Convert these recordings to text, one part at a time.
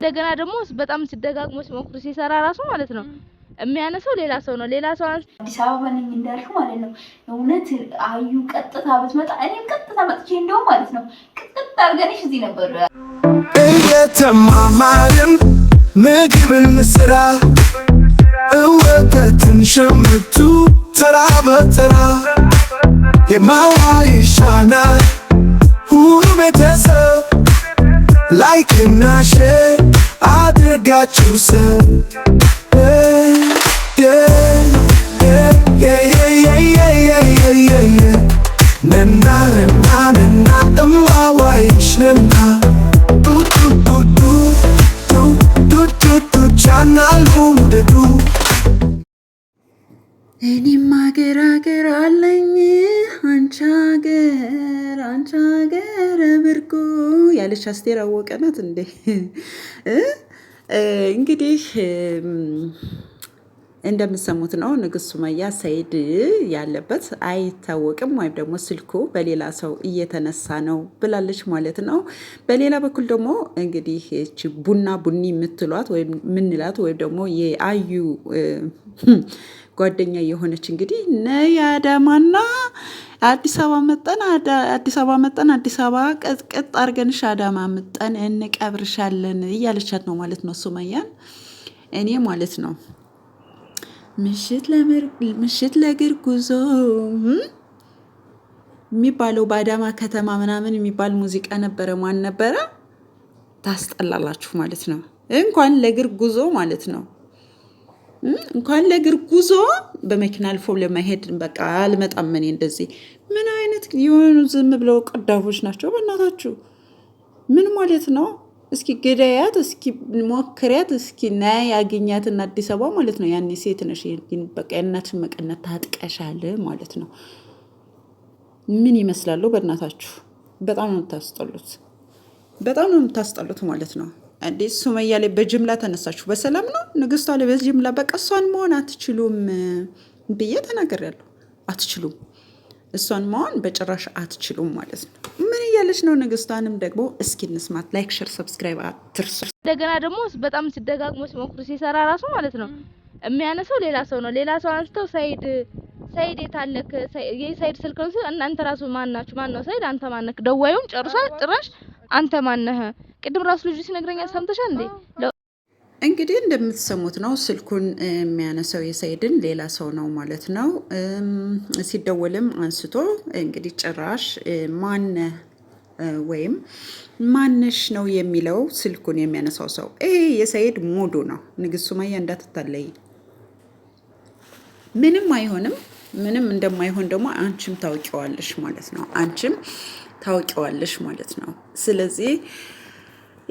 እንደገና ደግሞ በጣም ሲደጋግሞ ሲሞክር ሲሰራ ራሱ ማለት ነው የሚያነሳው ሌላ ሰው ነው። ሌላ ሰው አዲስ አበባ ነኝ እንዳልሽው ማለት ነው። እውነት አዩ ቀጥታ ብትመጣ እኔም ቀጥታ መጥቼ እንደው ማለት ነው ቅጥጥ አድርገንሽ እዚህ ነበር እየተማማርን ምግብን ስራ እወተትን ሸምቱ ተራ በተራ የማዋ ይሻናል ሁሉ ቤተሰብ Like in a shade, I did got you, sir. ትላለች አስቴር አወቀናት ናት እንዴ? እንግዲህ እንደምሰሙት ነው ንግስት ሱመያ ሰይድ ያለበት አይታወቅም፣ ወይም ደግሞ ስልኩ በሌላ ሰው እየተነሳ ነው ብላለች ማለት ነው። በሌላ በኩል ደግሞ እንግዲህ ቡና ቡኒ የምትሏት ወይም ምንላት ወይም ደግሞ የአዩ ጓደኛ የሆነች እንግዲህ ነይ አዳማና አዲስ አበባ መጠን አዲስ አበባ መጠን አዲስ አበባ ቀጥቀጥ አርገንሽ አዳማ መጠን እንቀብርሻለን እያለቻት ነው ማለት ነው ሱመያን እኔ ማለት ነው ምሽት ለእግር ጉዞ የሚባለው በአዳማ ከተማ ምናምን የሚባል ሙዚቃ ነበረ። ማን ነበረ? ታስጠላላችሁ ማለት ነው። እንኳን ለእግር ጉዞ ማለት ነው እንኳን ለእግር ጉዞ በመኪና አልፎ ለመሄድ በቃ አልመጣም እኔ እንደዚህ። ምን አይነት የሆኑ ዝም ብለው ቀዳፎች ናቸው በእናታችሁ! ምን ማለት ነው? እስኪ ግዳያት፣ እስኪ ሞክሪያት፣ እስኪ ና ያገኛት እና አዲስ አበባ ማለት ነው። ያኔ ሴት ነሽ፣ በቃ የእናትሽን መቀነት ታጥቀሻል ማለት ነው። ምን ይመስላሉ? በእናታችሁ! በጣም ነው የምታስጠሉት፣ በጣም ነው የምታስጠሉት ማለት ነው። እንዴ ሱመያ ላይ በጅምላ ተነሳችሁ፣ በሰላም ነው ንግስቷ ላይ በጅምላ በቃ እሷን መሆን አትችሉም ብዬ ተናግሬያለሁ። አትችሉም እሷን መሆን በጭራሽ አትችሉም ማለት ነው። ምን እያለች ነው? ንግስቷንም ደግሞ እስኪ እንስማት። ላይክ፣ ሸር፣ ሰብስክራይብ አትርሱ። እንደገና ደግሞ በጣም ሲደጋግሞ ሲሞክሩ ሲሰራ ራሱ ማለት ነው የሚያነሳው ሌላ ሰው ነው። ሌላ ሰው አንስተው ሳይድ ሳይድ የታለክ የሰይድ ስልክ ነው እናንተ ራሱ ማን ናችሁ? ማን ነው ሳይድ? አንተ ማነክ? ደዋዩም ጨርሷ ጭራሽ አንተ ማነህ? ቅድም ራሱ ልጁ ሲነግረኝ ሰምተሻል እንዴ? እንግዲህ እንደምትሰሙት ነው። ስልኩን የሚያነሳው የሰይድን ሌላ ሰው ነው ማለት ነው። ሲደወልም አንስቶ እንግዲህ ጭራሽ ማነህ ወይም ማነሽ ነው የሚለው ስልኩን የሚያነሳው ሰው። ይሄ የሰይድ ሙዱ ነው። ንግስት ሱመያ እንዳትታለይ፣ ምንም አይሆንም። ምንም እንደማይሆን ደግሞ አንቺም ታውቂዋለሽ ማለት ነው። አንቺም ታውቂዋለሽ ማለት ነው። ስለዚህ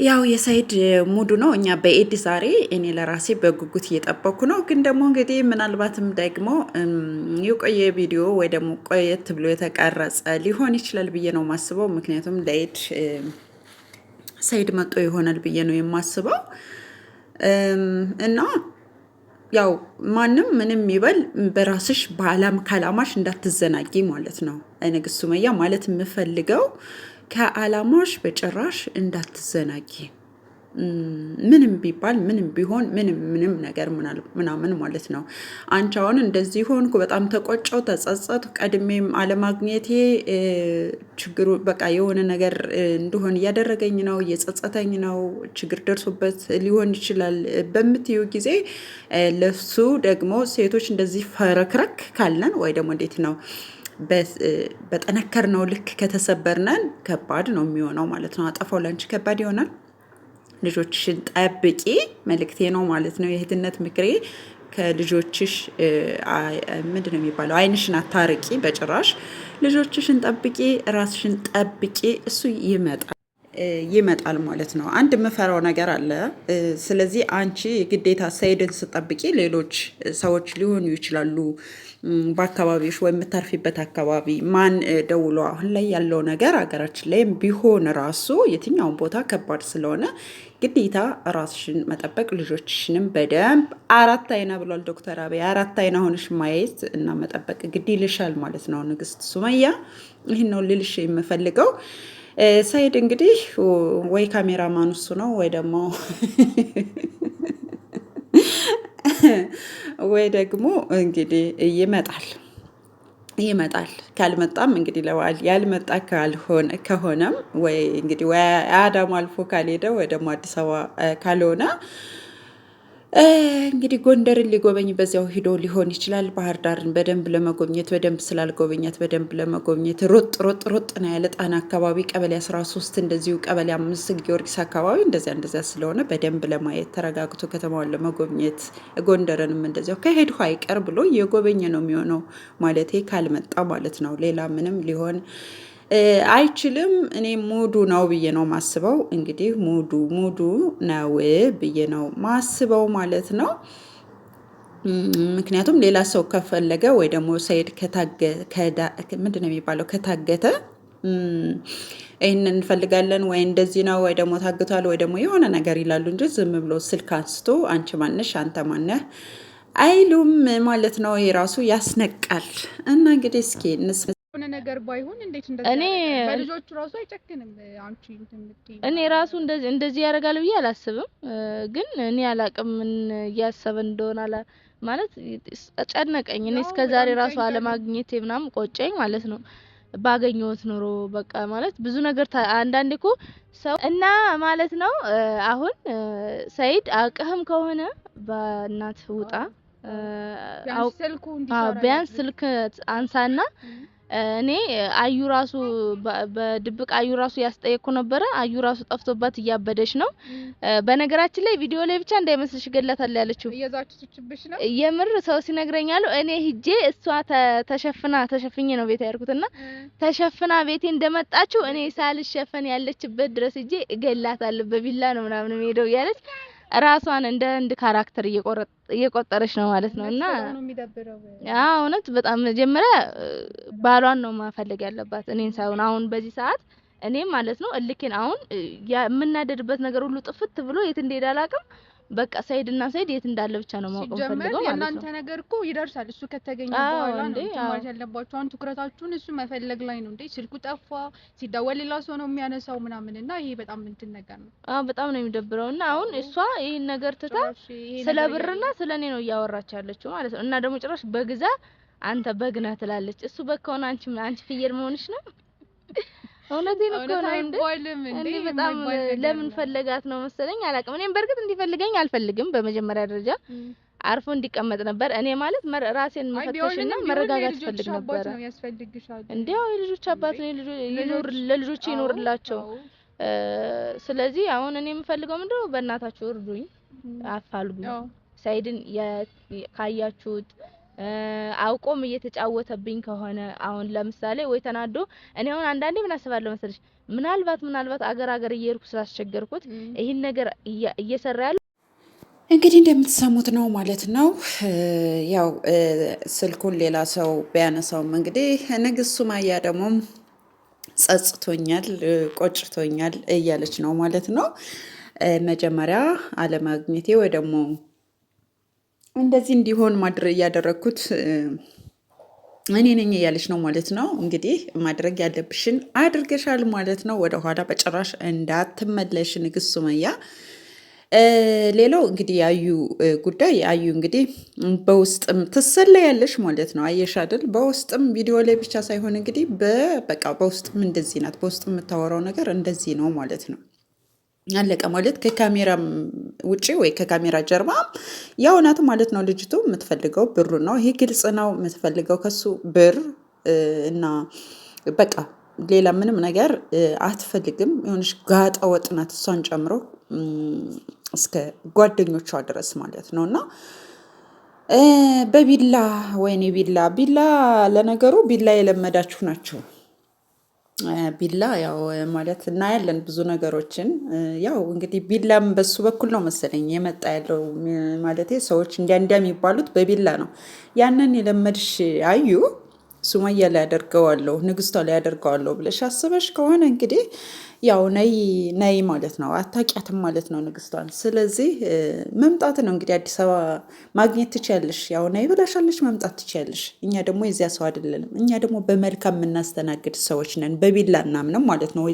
ያው የሳይድ ሙዱ ነው። እኛ በኤድ ዛሬ እኔ ለራሴ በጉጉት እየጠበኩ ነው። ግን ደግሞ እንግዲህ ምናልባትም ደግሞ የቆየ ቪዲዮ ወይ ደግሞ ቆየት ብሎ የተቀረጸ ሊሆን ይችላል ብዬ ነው የማስበው። ምክንያቱም ለኤድ ሳይድ መጦ ይሆናል ብዬ ነው የማስበው እና ያው ማንም ምንም ይበል በራስሽ በአላም ካላማሽ እንዳትዘናጊ ማለት ነው። ንግስት ሱመያ ማለት የምፈልገው ከአላማሽ በጭራሽ እንዳትዘናጊ ምንም ቢባል ምንም ቢሆን ምንም ምንም ነገር ምናምን ማለት ነው። አንቺ አሁን እንደዚህ ሆንኩ፣ በጣም ተቆጨው፣ ተጸጸቱ፣ ቀድሜም አለማግኘቴ ችግሩ በቃ የሆነ ነገር እንደሆን እያደረገኝ ነው፣ እየጸጸተኝ ነው፣ ችግር ደርሶበት ሊሆን ይችላል በምትዩ ጊዜ ለሱ ደግሞ ሴቶች እንደዚህ ፈረክረክ ካለን ወይ ደግሞ እንዴት ነው በጠነከር ነው ልክ ከተሰበርነን ከባድ ነው የሚሆነው ማለት ነው። አጠፋው ላንቺ ከባድ ይሆናል። ልጆችሽን ጠብቂ መልእክቴ ነው ማለት ነው። የእህትነት ምክሬ ከልጆችሽ ምንድን ነው የሚባለው? አይንሽን አታርቂ በጭራሽ። ልጆችሽን ጠብቂ፣ ራስሽን ጠብቂ። እሱ ይመጣል። ይመጣል ማለት ነው። አንድ የምፈራው ነገር አለ። ስለዚህ አንቺ ግዴታ ሰይድን ስጠብቂ ሌሎች ሰዎች ሊሆኑ ይችላሉ በአካባቢዎች ወይም የምታርፊበት አካባቢ ማን ደውሎ አሁን ላይ ያለው ነገር ሀገራችን ላይም ቢሆን ራሱ የትኛውን ቦታ ከባድ ስለሆነ ግዴታ ራስሽን መጠበቅ ልጆችሽንም በደንብ አራት አይና ብሏል ዶክተር አብይ አራት አይና ሆነሽ ማየት እና መጠበቅ ግድ ይልሻል ማለት ነው። ንግስት ሱመያ ይህን ነው ልልሽ የምፈልገው። ሰኢድ እንግዲህ ወይ ካሜራማን እሱ ነው ወይ ደግሞ ወይ ደግሞ እንግዲህ ይመጣል ይመጣል ካልመጣም እንግዲህ ለዋል ያልመጣ ካልሆነ ከሆነም ወይ እንግዲህ ወይ አዳማ አልፎ ካልሄደ ወይ ደግሞ አዲስ አበባ ካልሆነ እንግዲህ ጎንደርን ሊጎበኝ በዚያው ሂዶ ሊሆን ይችላል። ባህር ዳርን በደንብ ለመጎብኘት በደንብ ስላልጎበኛት በደንብ ለመጎብኘት ሮጥ ሮጥ ሮጥ ነው ያለ ጣና አካባቢ ቀበሌ 13 እንደዚሁ ቀበሌ አምስት ጊዮርጊስ አካባቢ እንደዚያ እንደዚያ ስለሆነ በደንብ ለማየት ተረጋግቶ ከተማውን ለመጎብኘት ጎንደርንም እንደዚያው ከሄድሁ አይቀር ብሎ የጎበኘ ነው የሚሆነው ማለት ካልመጣ ማለት ነው። ሌላ ምንም ሊሆን አይችልም። እኔ ሙዱ ነው ብዬ ነው ማስበው። እንግዲህ ሙዱ ሙዱ ነው ብዬ ነው ማስበው ማለት ነው። ምክንያቱም ሌላ ሰው ከፈለገ ወይ ደግሞ ሰይድ ምንድን ነው የሚባለው ከታገተ ይህን እንፈልጋለን ወይ እንደዚህ ነው ወይ ደግሞ ታግቷል ወይ ደግሞ የሆነ ነገር ይላሉ እንጂ ዝም ብሎ ስልክ አንስቶ አንቺ ማነሽ አንተ ማነህ አይሉም ማለት ነው። ይሄ ራሱ ያስነቃል። እና እንግዲህ እስኪ የሆነ ነገር ባይሆን እንዴት እንደዛ እኔ በልጆቹ ራሱ አይጨክንም። አንቺ እኔ ራሱ እንደዚህ እንደዚህ ያደርጋል ብዬ አላስብም። ግን እኔ አላቅም ምን እያሰበ እንደሆነ አላ ማለት ጨነቀኝ። እኔ እስከ ዛሬ ራሱ አለማግኘቴ ምናምን ቆጨኝ ማለት ነው። ባገኘሁት ኑሮ በቃ ማለት ብዙ ነገር አንዳንዴ እኮ ሰው እና ማለት ነው። አሁን ሰይድ አቅህም ከሆነ በእናት ውጣ ቢያንስ ስልክ አንሳና እኔ አዩ ራሱ በድብቅ አዩ ራሱ ያስጠየቅኩ ነበረ። አዩ ራሱ ጠፍቶባት እያበደች ነው። በነገራችን ላይ ቪዲዮ ላይ ብቻ እንዳይመስልሽ ገላታል ያለችው የምር ሰው ሲነግረኝ አለው። እኔ ሂጄ እሷ ተሸፍና ተሸፍኜ ነው ቤት ያርኩትና ተሸፍና ቤቴ እንደመጣችው እኔ ሳልሸፈን ያለችበት ድረስ ሂጄ እገላታለሁ በቢላ ነው ምናምን ሄደው እያለች ራሷን እንደ አንድ ካራክተር እየቆጠረች ነው ማለት ነው። እና አዎ እውነት በጣም መጀመሪያ ባሏን ነው ማፈለግ ያለባት እኔን ሳይሆን አሁን በዚህ ሰዓት እኔም ማለት ነው እልኬን አሁን የምናደድበት ነገር ሁሉ ጥፍት ብሎ የት እንደሄደ አላውቅም። በቃ ሰይድ እና የት እንዳለ ብቻ ነው ማወቅ ፈልገው ማለት ነው። እናንተ ነገር እኮ ይደርሳል። እሱ ከተገኘ በኋላ ነው ማለት ያለባችሁ። አሁን ትኩረታችሁን እሱ መፈለግ ላይ ነው እንዴ። ስልኩ ጠፋ፣ ሲደወል ሌላ ሰው ነው የሚያነሳው ምናምን እና ይሄ በጣም እንትን ነገር ነው። አዎ በጣም ነው የሚደብረው። እና አሁን እሷ ይሄን ነገር ትታ ስለ ብርና ስለ እኔ ነው እያወራች ያለችው ማለት ነው። እና ደግሞ ጭራሽ በግዛ አንተ በግ ነህ ትላለች። እሱ በግ ከሆነ አንቺ አንቺ ፍየል መሆንሽ ነው እውነቴን እኮ ነው እንዴ! በጣም ለምን ፈለጋት ነው መሰለኝ አላውቅም። እኔም በእርግጥ እንዲፈልገኝ አልፈልግም። በመጀመሪያ ደረጃ አርፎ እንዲቀመጥ ነበር። እኔ ማለት ራሴን መፈተሽና መረጋጋት ፈልግ ነበር። እንዴ አዎ፣ የልጆች አባት ነው። ይኖር ለልጆች ይኖርላቸው። ስለዚህ አሁን እኔ የምፈልገው ምንድነው፣ በእናታችሁ እርዱኝ፣ አፋልጉኝ። ሳይድን ካያችሁት አውቆም እየተጫወተብኝ ከሆነ አሁን ለምሳሌ ወይ ተናዶ እኔ አሁን አንዳንዴ ምን አስባለሁ መሰለሽ ምናልባት ምናልባት አገር አገር እየሄድኩ ስላስቸገርኩት ይህን ነገር እየሰራ ያለ እንግዲህ እንደምትሰሙት ነው ማለት ነው። ያው ስልኩን ሌላ ሰው ቢያነሳውም እንግዲህ ንግስት ሱማያ ደግሞ ጸጽቶኛል፣ ቆጭቶኛል እያለች ነው ማለት ነው። መጀመሪያ አለማግኘቴ ወይ ደግሞ እንደዚህ እንዲሆን ማድረግ እያደረግኩት እኔ ነኝ እያለች ነው ማለት ነው። እንግዲህ ማድረግ ያለብሽን አድርገሻል ማለት ነው። ወደኋላ በጭራሽ እንዳትመለሽ ንግስት ሱመያ። ሌላው እንግዲህ የአዩ ጉዳይ አዩ እንግዲህ በውስጥም ትሰለያለሽ ማለት ነው። አየሽ አይደል? በውስጥም ቪዲዮ ላይ ብቻ ሳይሆን እንግዲህ በበቃ በውስጥም እንደዚህ ናት። በውስጥ የምታወራው ነገር እንደዚህ ነው ማለት ነው። አለቀ ማለት ከካሜራ ውጪ ወይ ከካሜራ ጀርባ ያው ናት ማለት ነው። ልጅቱ የምትፈልገው ብሩ ነው። ይሄ ግልጽ ነው። የምትፈልገው ከሱ ብር እና በቃ ሌላ ምንም ነገር አትፈልግም። የሆነች ጋጠ ወጥ ናት እሷን ጨምሮ እስከ ጓደኞቿ ድረስ ማለት ነው እና በቢላ ወይኔ ቢላ ቢላ፣ ለነገሩ ቢላ የለመዳችሁ ናቸው። ቢላ ያው ማለት እናያለን ብዙ ነገሮችን። ያው እንግዲህ ቢላም በሱ በኩል ነው መሰለኝ የመጣ ያለው ማለት ሰዎች እንዲያ እንዲያ የሚባሉት በቢላ ነው። ያንን የለመድሽ አዩ ሱመያ ላይ ንግስቷ ላይ ያደርገዋለሁ ብለሽ አስበሽ ከሆነ እንግዲህ ያው ነይ ነይ ማለት ነው። አታውቂያትም ማለት ነው ንግስቷን። ስለዚህ መምጣት ነው እንግዲህ አዲስ አበባ ማግኘት ትችያለሽ። ያው ነይ ብላሻለሽ፣ መምጣት ትችያለሽ። እኛ ደግሞ የዚያ ሰው አይደለንም። እኛ ደግሞ በመልካም የምናስተናግድ ሰዎች ነን። በቢላ እናምንም ማለት ነው።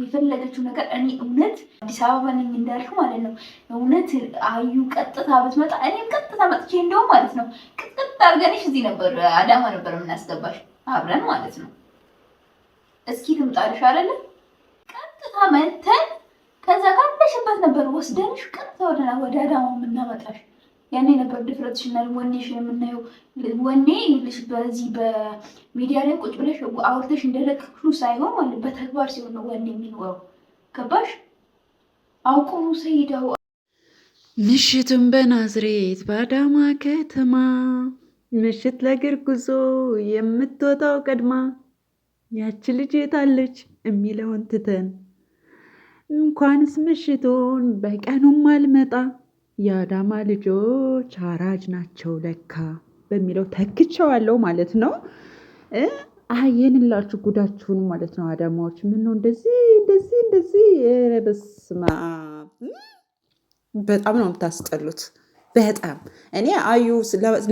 የፈለገችው ነገር እኔ እውነት አዲስ አበባ ነኝ ማለት ነው። እውነት አዩ ቀጥታ ብትመጣ እኔም ቀጥታ መጥቼ እንደውም ማለት ነው ቅጥጥ አርገንሽ እዚህ ነበር አዳማ ነበር የምናስገባሽ አብረን ማለት ነው። እስኪ ትምጣልሽ አይደለ? ቀጥታ መተን ከዛ ካለሽበት ነበር ወስደንሽ ቀጥታ ወደ አዳማ የምናመጣሽ ያኔ ነበር ድፍረትሽና ወኔሽን የምናየው። ወኔ ልሽ በዚህ በሚዲያ ላይ ቁጭ ብለሽ አውርተሽ እንደለቅክሉ ሳይሆን ማለት በተግባር ሲሆን ነው ወኔ የሚኖረው። ገባሽ? አውቁ ሰይዳው ምሽቱን በናዝሬት በአዳማ ከተማ ምሽት ለእግር ጉዞ የምትወጣው ቀድማ ያች ልጅ የታለች የሚለውን ትተን እንኳንስ ምሽቱን በቀኑም አልመጣ የአዳማ ልጆች አራጅ ናቸው ለካ በሚለው ተክቸዋለሁ ማለት ነው። አየንላችሁ ጉዳችሁን ማለት ነው። አዳማዎች ምነው እንደዚህ እንደዚህ እንደዚህ ረበስማ በጣም ነው የምታስጠሉት። በጣም እኔ አዩ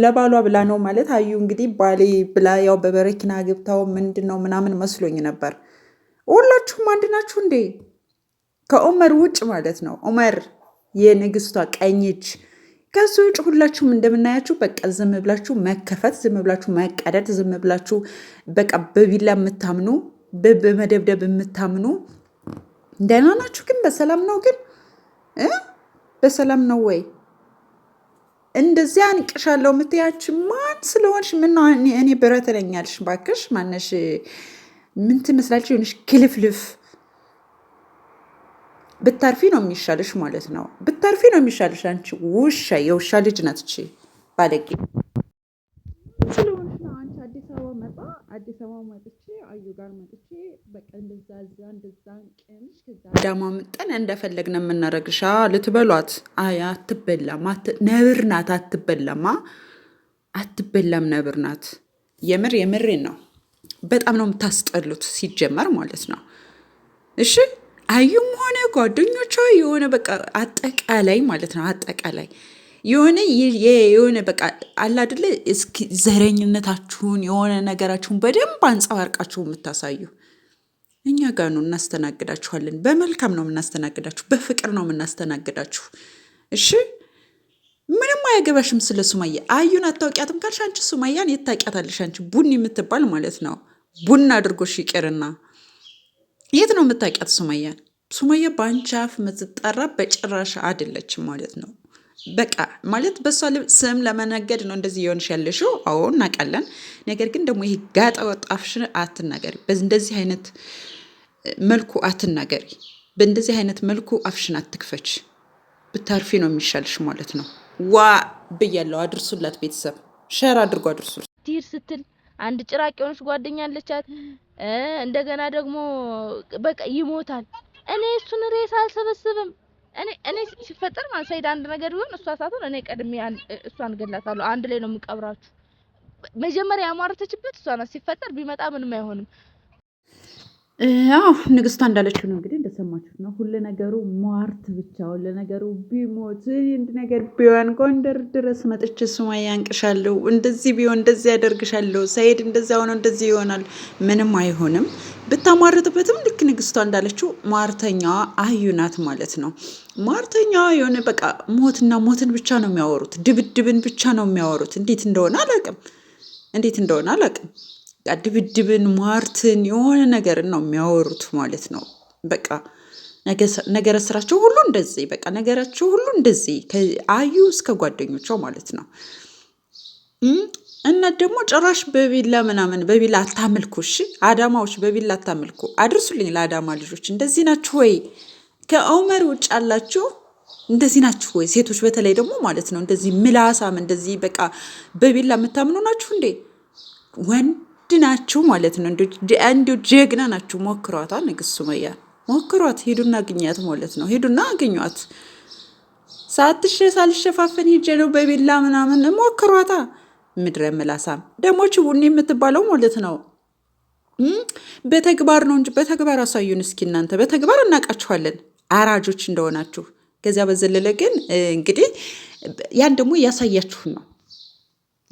ለባሏ ብላ ነው ማለት አዩ እንግዲህ ባሌ ብላ ያው በበረኪና ገብታው ምንድን ነው ምናምን መስሎኝ ነበር። ሁላችሁም አንድ ናችሁ እንዴ? ከኡመር ውጭ ማለት ነው ኦመር የንግስቷ ቀኝ እጅ። ከዚ ውጭ ሁላችሁም እንደምናያችሁ በቃ ዝም ብላችሁ መከፈት፣ ዝም ብላችሁ መቀደድ፣ ዝም ብላችሁ በቃ በቢላ የምታምኑ በመደብደብ የምታምኑ ደህና ናችሁ? ግን በሰላም ነው? ግን በሰላም ነው ወይ? እንደዚያ አንቅሻለሁ የምትያች ማን ስለሆንሽ? ምን እኔ ብረት ነኝ አልሽ? እባክሽ ማነሽ? ምን ትመስላለች? የሆነሽ ክልፍልፍ ብታርፊ ነው የሚሻልሽ ማለት ነው። ብታርፊ ነው የሚሻልሽ አንቺ ውሻ፣ የውሻ ልጅ ናት እቺ ባለጌ። አዲስ አበባ መጥቼ አዩ ጋር መጥቼ በቃ እንደዛ እንደዛዛ እንደዛን ቀንሽ ከዛ ዳማ ምጠን ነው የምናረግሻ ልትበሏት። አይ አትበላም፣ ነብር ናት አትበላማ፣ አትበላም፣ ነብር ናት። የምር የምሬን ነው። በጣም ነው የምታስጠሉት ሲጀመር ማለት ነው። እሺ አዩም ሆነ ጓደኞቿ የሆነ በቃ አጠቃላይ ማለት ነው አጠቃላይ የሆነ የሆነ በቃ አላድለ እስኪ ዘረኝነታችሁን የሆነ ነገራችሁን በደንብ አንጸባርቃችሁ የምታሳዩ እኛ ጋር ነው እናስተናግዳችኋለን። በመልካም ነው የምናስተናግዳችሁ፣ በፍቅር ነው የምናስተናግዳችሁ። እሺ ምንም አያገባሽም ስለ ሱማያ። አዩን አታውቂያትም ካልሽ አንቺ ሱማያን የት አንቺ ቡኒ የምትባል ማለት ነው ቡና አድርጎሽ ይቅርና የት ነው የምታውቂያት ሱመያን? ሱመያ በአንቺ አፍ የምትጠራ በጭራሽ አይደለችም ማለት ነው። በቃ ማለት በእሷ ስም ለመነገድ ነው እንደዚህ የሆንሽ ያለሽው። አዎ እናውቃለን። ነገር ግን ደግሞ ይሄ ጋጠ ወጥ አፍሽን አትናገሪ። እንደዚህ አይነት መልኩ አትናገሪ። በእንደዚህ አይነት መልኩ አፍሽን አትክፈች። ብታርፊ ነው የሚሻልሽ ማለት ነው። ዋ ብያለው። አድርሱላት ቤተሰብ ሸር አድርጎ አድርሱ። አንድ ጭራቅ የሆነች ጓደኛ አለቻት። እንደገና ደግሞ በቃ ይሞታል። እኔ እሱን ሬሳ አልሰበስብም። እኔ እኔ ሲፈጠር ማን ሰይድ አንድ ነገር ቢሆን እሷ ሳትሆን እኔ ቀድሜ እሷን ገላታለሁ። አንድ ላይ ነው የምቀብራችሁ። መጀመሪያ ያሟረተችበት እሷ ናት። ሲፈጠር ቢመጣ ምንም አይሆንም። አዎ ንግስቷ እንዳለችው ነው እንግዲህ እንደሰማችሁት ነው። ሁሉ ነገሩ ሟርት ብቻ ሁሉ ነገሩ ቢሞት እንድ ነገር ቢሆን ጎንደር ድረስ መጥቼ ስማ ያንቅሻለሁ፣ እንደዚህ ቢሆን እንደዚህ ያደርግሻለሁ፣ ሰኢድ እንደዚያ ሆኖ እንደዚህ ይሆናል። ምንም አይሆንም። ብታሟርትበትም ልክ ንግስቷ እንዳለችው ሟርተኛዋ አህዩ ናት ማለት ነው። ሟርተኛዋ የሆነ በቃ ሞትና ሞትን ብቻ ነው የሚያወሩት፣ ድብድብን ብቻ ነው የሚያወሩት። እንዴት እንደሆነ አላቅም፣ እንዴት እንደሆነ አላቅም። ድብድብን፣ ሟርትን የሆነ ነገርን ነው የሚያወሩት ማለት ነው። በቃ ነገረ ስራቸው ሁሉ እንደዚህ በቃ ነገራቸው ሁሉ እንደዚህ ከአዩ እስከ ጓደኞቿ ማለት ነው። እና ደግሞ ጭራሽ በቢላ ምናምን በቢላ አታምልኩ። እሺ አዳማዎች በቢላ አታምልኩ። አድርሱልኝ ለአዳማ ልጆች እንደዚህ ናችሁ ወይ? ከኦመር ውጭ አላችሁ እንደዚህ ናችሁ ወይ? ሴቶች በተለይ ደግሞ ማለት ነው እንደዚህ ምላሳም እንደዚህ በቃ በቢላ የምታምኑ ናችሁ እንዴ? ወንድ አድናችሁ ማለት ነው። እንዲ ጀግና ናችሁ። ሞክሯታ ንግስት ሱመያ ሞክሯት፣ ሂዱና አግኛት ማለት ነው። ሂዱና አግኟት። ሳትሽ ሳልሸፋፈን ሂጄ ነው በቢላ ምናምን ሞክሯታ። ምድረ ምላሳም ደግሞ ችቡኒ የምትባለው ማለት ነው። በተግባር ነው እንጂ በተግባር አሳዩን እስኪ እናንተ። በተግባር እናውቃችኋለን አራጆች እንደሆናችሁ። ከዚያ በዘለለ ግን እንግዲህ ያን ደግሞ እያሳያችሁን ነው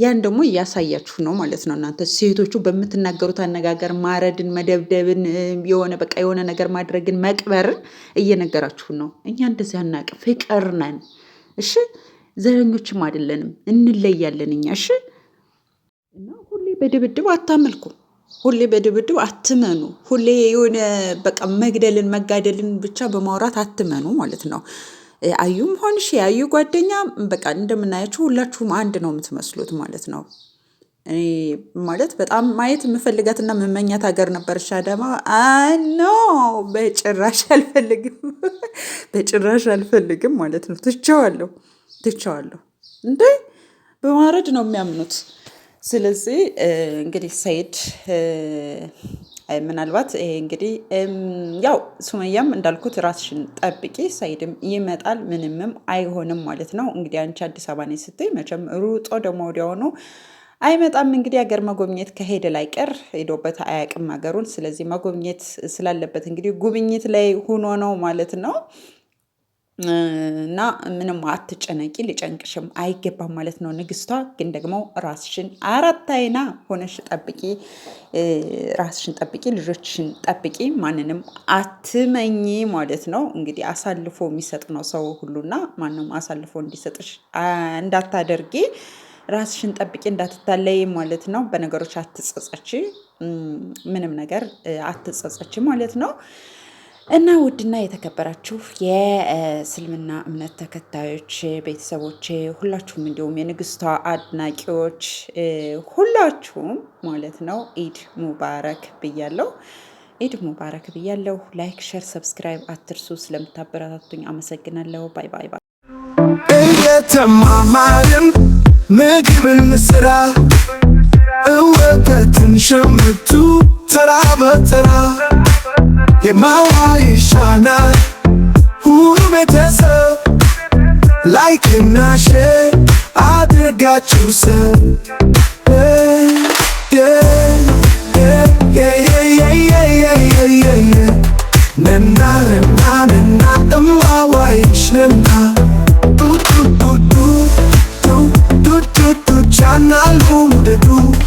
ያን ደግሞ እያሳያችሁ ነው ማለት ነው። እናንተ ሴቶቹ በምትናገሩት አነጋገር ማረድን፣ መደብደብን፣ የሆነ በቃ የሆነ ነገር ማድረግን፣ መቅበርን እየነገራችሁ ነው። እኛ እንደዚህ አናቅ፣ ፍቅር ነን። እሺ ዘረኞችም አይደለንም፣ እንለያለን እኛ። እሺ እና ሁሌ በድብድብ አታመልኩ፣ ሁሌ በድብድብ አትመኑ፣ ሁሌ የሆነ በቃ መግደልን መጋደልን ብቻ በማውራት አትመኑ ማለት ነው። አዩም ሆንሽ የአዩ ጓደኛ በቃ እንደምናያችሁ ሁላችሁም አንድ ነው የምትመስሉት ማለት ነው። እኔ ማለት በጣም ማየት የምፈልጋትና የምመኛት ሀገር ነበረች አዳማ። አኖ በጭራሽ አልፈልግም፣ በጭራሽ አልፈልግም ማለት ነው። ትቸዋለሁ፣ ትቸዋለሁ። እንዴ በማረድ ነው የሚያምኑት። ስለዚህ እንግዲህ ሰይድ ምናልባት ይሄ እንግዲህ ያው ሱመያም እንዳልኩት ራስሽን ጠብቂ፣ ሰኢድም ይመጣል፣ ምንምም አይሆንም ማለት ነው። እንግዲህ አንቺ አዲስ አበባ ነኝ ስትይ መቼም ሩጦ ደግሞ ወዲያውኑ አይመጣም። እንግዲህ ሀገር መጎብኘት ከሄደ ቀር ሄዶበት አያውቅም ሀገሩን። ስለዚህ መጎብኘት ስላለበት እንግዲህ ጉብኝት ላይ ሁኖ ነው ማለት ነው። እና ምንም አትጨነቂ፣ ሊጨንቅሽም አይገባም ማለት ነው ንግስቷ። ግን ደግሞ ራስሽን አራት አይና ሆነሽ ጠብቂ፣ ራስሽን ጠብቂ፣ ልጆችሽን ጠብቂ፣ ማንንም አትመኝ ማለት ነው። እንግዲህ አሳልፎ የሚሰጥ ነው ሰው ሁሉና ማንም አሳልፎ እንዲሰጥሽ እንዳታደርጊ፣ ራስሽን ጠብቂ፣ እንዳትታለይ ማለት ነው። በነገሮች አትጸጸች፣ ምንም ነገር አትጸጸች ማለት ነው። እና ውድና የተከበራችሁ የእስልምና እምነት ተከታዮች ቤተሰቦች ሁላችሁም፣ እንዲሁም የንግስቷ አድናቂዎች ሁላችሁም ማለት ነው ኢድ ሙባረክ ብያለሁ። ኢድ ሙባረክ ብያለሁ። ላይክ፣ ሸር፣ ሰብስክራይብ አትርሱ። ስለምታበረታቱኝ አመሰግናለሁ። ባይ ባይ ባይ። እየተማማርን ምግብን ስራ እወተትን ሸምቱ ተራ በተራ ye mawai shana huru metesa like in a she i did got you sir yeah yeah yeah yeah yeah yeah yeah yeah yeah yeah nenna nenna nenna the mawai shana do do do do do do do